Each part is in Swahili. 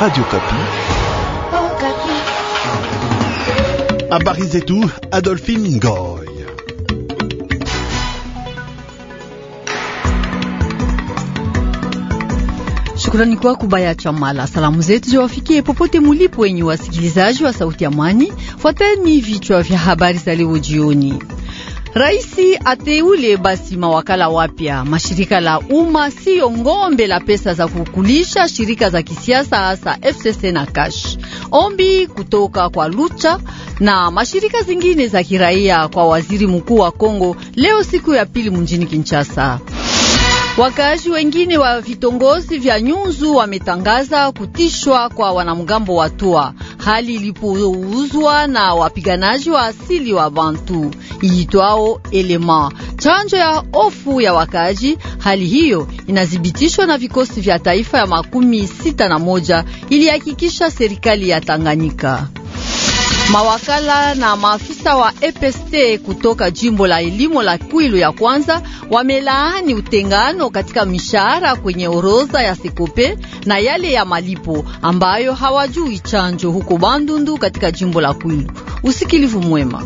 Radio Kapi. Habari zetu Adolphine Ngoy. Shukrani kwa kubaya chamala. Salamu zetu ziwafikie popote mulipo, wenye wasikilizaji wa sauti ya Mwani. Fuateni vichwa vya habari za leo jioni. Raisi ateule basi mawakala wapya. Mashirika la umma siyo ngombe la pesa za kukulisha shirika za kisiasa hasa FCC na Cash. Ombi kutoka kwa Lucha na mashirika zingine za kiraia kwa waziri mkuu wa Kongo leo siku ya pili mjini Kinshasa. Wakaaji wengine wa vitongozi vya Nyunzu wametangaza kutishwa kwa wanamgambo wa Tua hali ilipouzwa na wapiganaji wa asili wa Bantu iitwao Elema, chanjo ya ofu ya wakaji. Hali hiyo inadhibitishwa na vikosi vya taifa ya makumi sita na moja ilihakikisha serikali ya Tanganyika. Mawakala na maafisa wa EPST kutoka jimbo la elimu la Kwilu ya kwanza wamelaani utengano katika mishahara kwenye orodha ya Sekope na yale ya malipo ambayo hawajui chanjo huko Bandundu katika jimbo la Kwilu. Usikilivu mwema.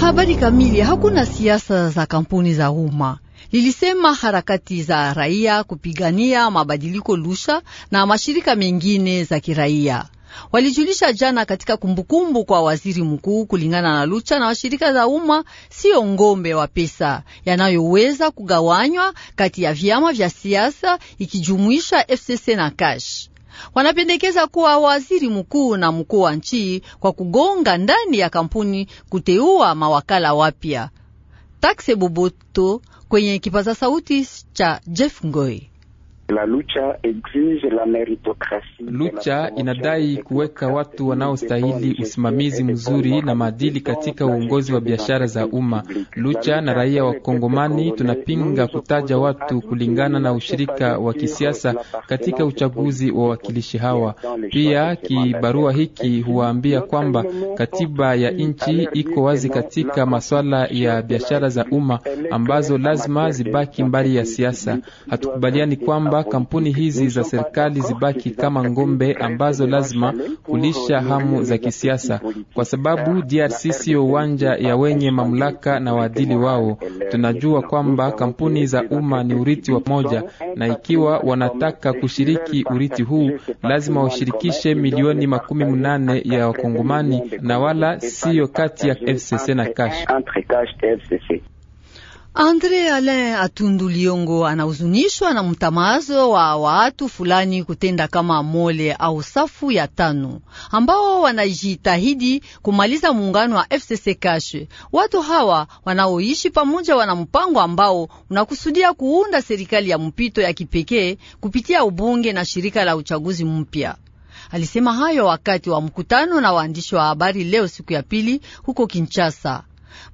Habari kamili. Hakuna siasa za kampuni za umma lilisema harakati za raia kupigania mabadiliko Lusha na mashirika mengine za kiraia walijulisha jana katika kumbukumbu kwa waziri mkuu. Kulingana na Lucha na washirika za umma, siyo ngombe wa pesa yanayoweza kugawanywa kati ya vyama vya siasa ikijumuisha FCC na cash. Wanapendekeza kuwa waziri mkuu na mkuu wa nchi kwa kugonga ndani ya kampuni kuteua mawakala wapya. Takse Boboto kwenye kipaza sauti cha Jeff Ngoi. La lucha, exige la meritocracia. Lucha inadai kuweka watu wanaostahili usimamizi mzuri na maadili katika uongozi wa biashara za umma. Lucha na raia wa Kongomani tunapinga kutaja watu kulingana na ushirika wa kisiasa katika uchaguzi wa wakilishi hawa. Pia kibarua hiki huwaambia kwamba katiba ya nchi iko wazi katika masuala ya biashara za umma ambazo lazima zibaki mbali ya siasa. Hatukubaliani kwamba kwamba kampuni hizi za serikali zibaki kama ngombe ambazo lazima kulisha hamu za kisiasa, kwa sababu DRC siyo uwanja ya wenye mamlaka na waadili wao. Tunajua kwamba kampuni za umma ni urithi wa moja, na ikiwa wanataka kushiriki urithi huu lazima washirikishe milioni makumi mnane ya Wakongomani na wala siyo kati ya FCC na cash. Andre Alain Atundu Liongo anahuzunishwa na mtamazo wa watu fulani kutenda kama Mole au safu ya tano ambao wanajitahidi kumaliza muungano wa FCC Kashe. Watu hawa wanaoishi pamoja wana mpango ambao unakusudia kuunda serikali ya mpito ya kipekee kupitia ubunge na shirika la uchaguzi mpya. Alisema hayo wakati wa mkutano na waandishi wa habari leo siku ya pili huko Kinshasa.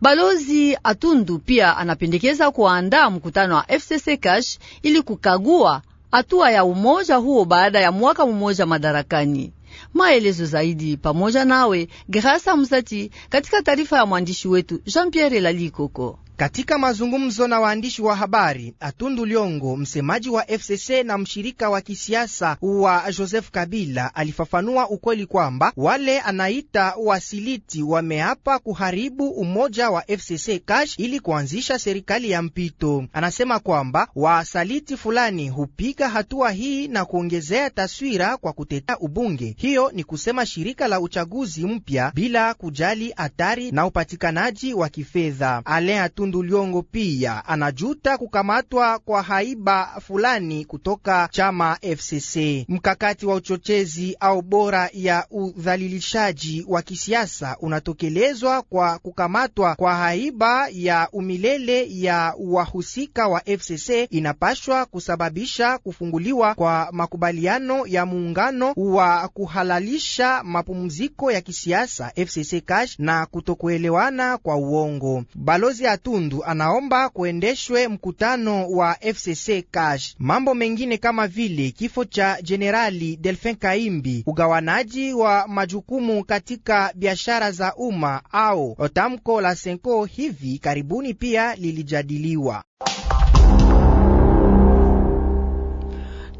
Balozi Atundu pia anapendekeza kuandaa mkutano wa FCC Cash ili kukagua hatua ya umoja huo baada ya mwaka mmoja madarakani. Maelezo zaidi pamoja nawe Gerasa Msati katika taarifa ya mwandishi wetu Jean Pierre Lalikoko. Katika mazungumzo na waandishi wa habari, Atundu Liongo, msemaji wa FCC na mshirika wa kisiasa wa Joseph Kabila, alifafanua ukweli kwamba wale anaita wasiliti wameapa kuharibu umoja wa FCC cash ili kuanzisha serikali ya mpito. Anasema kwamba wasaliti fulani hupiga hatua hii na kuongezea taswira kwa kutetea ubunge. Hiyo ni kusema shirika la uchaguzi mpya bila kujali hatari na upatikanaji wa kifedha. Alain Atundu Liongo pia anajuta kukamatwa kwa haiba fulani kutoka chama FCC. Mkakati wa uchochezi au bora ya udhalilishaji wa kisiasa unatokelezwa kwa kukamatwa kwa haiba ya umilele ya wahusika wa FCC inapashwa kusababisha kufunguliwa kwa makubaliano ya muungano wa kuhalalisha mapumziko ya kisiasa FCC cash na kutokuelewana kwa uongo. Balozi atu Tundu anaomba kuendeshwe mkutano wa FCC Cash. Mambo mengine kama vile kifo cha Jenerali Delfin Kaimbi, ugawanaji wa majukumu katika biashara za umma au tamko la Senko hivi karibuni pia lilijadiliwa.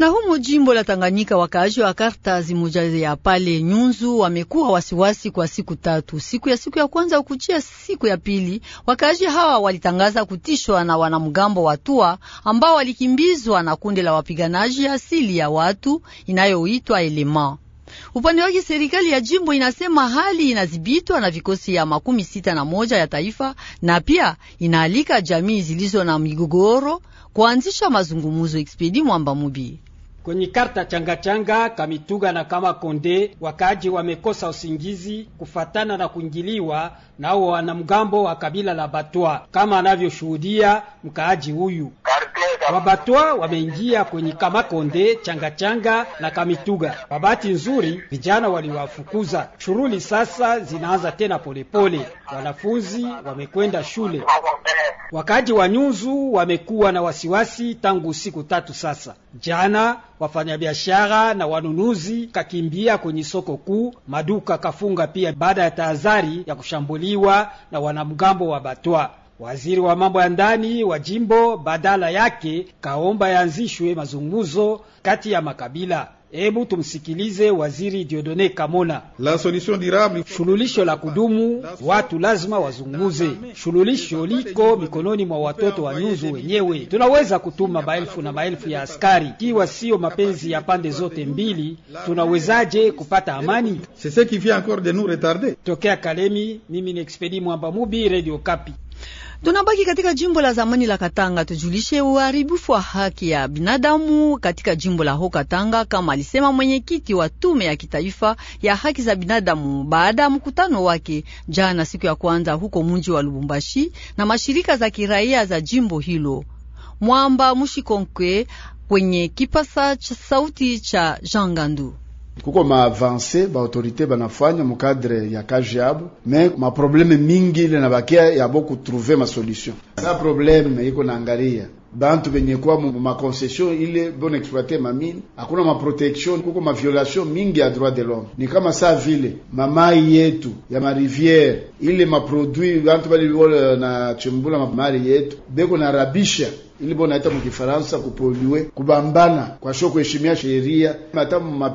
Na humo jimbo la Tanganyika, wakaaji wa karta zimoja ya pale Nyunzu wamekuwa wasiwasi kwa siku tatu. Siku ya siku ya kwanza ukuchia siku ya pili, wakaaji hawa walitangaza kutishwa na wanamgambo watua ambao walikimbizwa na kundi la wapiganaji asili ya watu inayoitwa Elema. Upande wake serikali ya jimbo inasema hali inadhibitwa na vikosi ya makumi sita na moja ya taifa na pia inaalika jamii zilizo na migogoro kuanzisha mazungumuzo. Expedi Mwamba Mubi Kwenye karta changachanga Kamituga na kama Konde, wakaaji wamekosa usingizi kufatana na kuingiliwa nao wanamgambo wa kabila la Batwa, kama anavyoshuhudia mkaaji huyu Wabatwa wameingia kwenye Kamakonde, Changachanga na Kamituga. Kwa bahati nzuri, vijana waliwafukuza. Shughuli sasa zinaanza tena polepole pole. Wanafunzi wamekwenda shule, Wakaaji wa Nyunzu wamekuwa na wasiwasi tangu siku tatu sasa. Jana wafanyabiashara na wanunuzi kakimbia kwenye soko kuu, maduka kafunga pia, baada ya tahadhari ya kushambuliwa na wanamgambo wa Batwa. Waziri wa mambo ya ndani wa jimbo badala yake kaomba yaanzishwe mazungumzo kati ya makabila. Hebu tumsikilize waziri Diodone Kamona. La solution durable, shululisho la kudumu, watu lazima wazunguze. Shululisho liko mikononi mwa watoto wa nyuzu wenyewe. Tunaweza kutuma maelfu na maelfu ya askari, ikiwa sio mapenzi ya pande zote mbili, tunawezaje kupata amani? Tokea Kalemi, mimi ni Expedi Mwamba Mubi, Radio Kapi. Tunabaki katika jimbo la zamani la Katanga, tujulishe uharibifu wa haki ya binadamu katika jimbo la ho Katanga, kama alisema mwenyekiti wa tume ya kitaifa ya haki za binadamu baada ya mkutano wake jana siku ya kwanza huko mji wa Lubumbashi na mashirika za kiraia za jimbo hilo. Mwamba Mushikonke kwenye kipasa cha sauti cha Jean Gandu kuko maavanse baautorite banafanya mukadre ya kazi yabo, me maprobleme mingi ile nabakia yabo kutruve masolution. Sa probleme iko naangalia bantu benye kwa makoncesion ile bon exploite mamine, hakuna maprotection, kuko maviolation mingi ya droit de l'homme. Ni kama saa vile mamai yetu ya mariviere ile maproduit bantu bali na chimbula mamari yetu beko na rabisha ili bo naita mukifaransa kupoliwe kubambana kwa sho kuheshimia sheria hata mu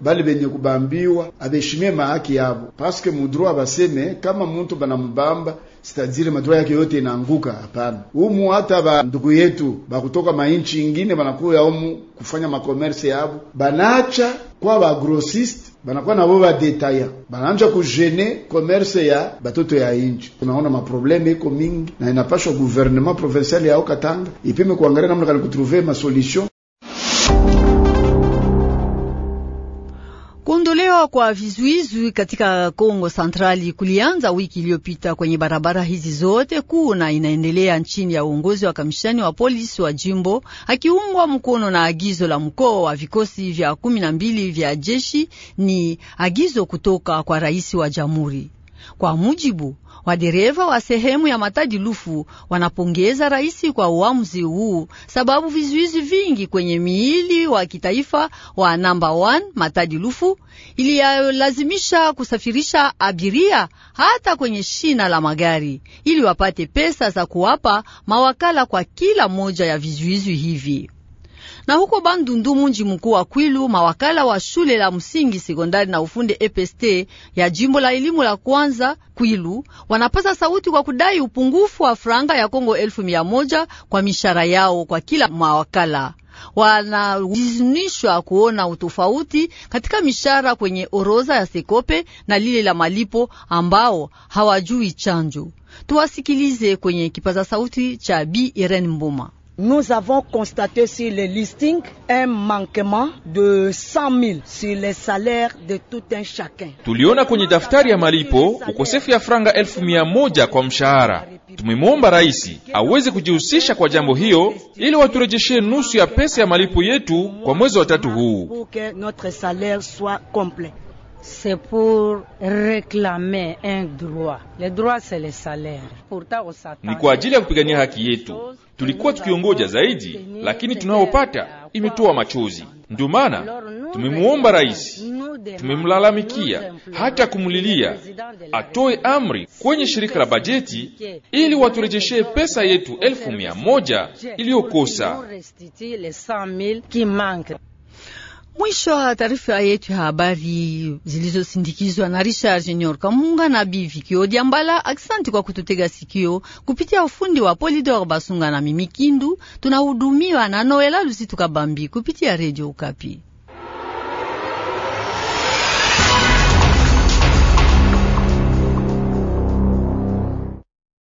bali benye kubambiwa abeshimie mahaki yabo, paske mudroit baseme kama muntu banamubamba sitajire madoa yake yote inaanguka. Hapana, umu hata ba ndugu yetu bakutoka mainchi ingine banakuya umu kufanya makomerse yabo, banacha kwa bagrosiste banakuwa nabo badetaya, banaanja kujene komerse ya batoto ya inchi. Tunaona maprobleme iko mingi, na inapashwa gouvernement provincial ya katanga ipime kuangalia namna kali kutrouver masolution Kupotea kwa vizuizi katika Kongo Centrali kulianza wiki iliyopita kwenye barabara hizi zote kuu na inaendelea nchini ya uongozi wa kamishani wa polisi wa jimbo akiungwa mkono na agizo la mkoa wa vikosi vya kumi na mbili vya jeshi. Ni agizo kutoka kwa rais wa jamhuri. Kwa mujibu wadereva wa sehemu ya Matadi Lufu, wanapongeza raisi kwa uamuzi huu, sababu vizuizi vingi kwenye miili wa kitaifa wa namba 1 Matadi Lufu iliyalazimisha kusafirisha abiria hata kwenye shina la magari ili wapate pesa za kuwapa mawakala kwa kila moja ya vizuizi hivi. Na huko Bandundu, munji mkuu wa Kwilu, mawakala wa shule la msingi sekondari na ufundi EPST ya jimbo la elimu la kwanza Kwilu wanapasa sauti kwa kudai upungufu wa franga ya Kongo elfu mia moja kwa mishara yao kwa kila mawakala wanahuzunishwa kuona utofauti katika mishara kwenye oroza ya Sekope na lile la malipo ambao hawajui chanjo. Tuwasikilize kwenye kipaza sauti cha Bi Irene Mbuma. Nous avons constaté sur les listings un manquement de 100 000 sur les salaires de tout un chacun. Tuliona kwenye daftari ya malipo ukosefu ya franga elfu mia moja kwa mshahara. Tumemwomba rais aweze kujihusisha kwa jambo hiyo ili waturejeshe nusu ya pesa ya malipo yetu kwa mwezi wa tatu huu c'est pour réclamer un droit. Le droit c'est le salaire. Ni kwa ajili ya kupigania haki yetu. Tulikuwa tukiongoja zaidi, lakini tunayopata imetoa machozi. Ndio maana tumemuomba rais, tumemlalamikia, hata kumlilia atoe amri kwenye shirika la bajeti ili waturejeshe pesa yetu elfu mia moja iliyokosa. Mwisho wa taarifa yetu ya habari zilizosindikizwa na Richard Junior Kamunga na Bivikio Diambala. Aksanti kwa kututega sikio kupitia ufundi wa Polidor Basunga na Mimikindu. Tunahudumiwa na Noela Lusi Tukabambi kupitia Redio Ukapi.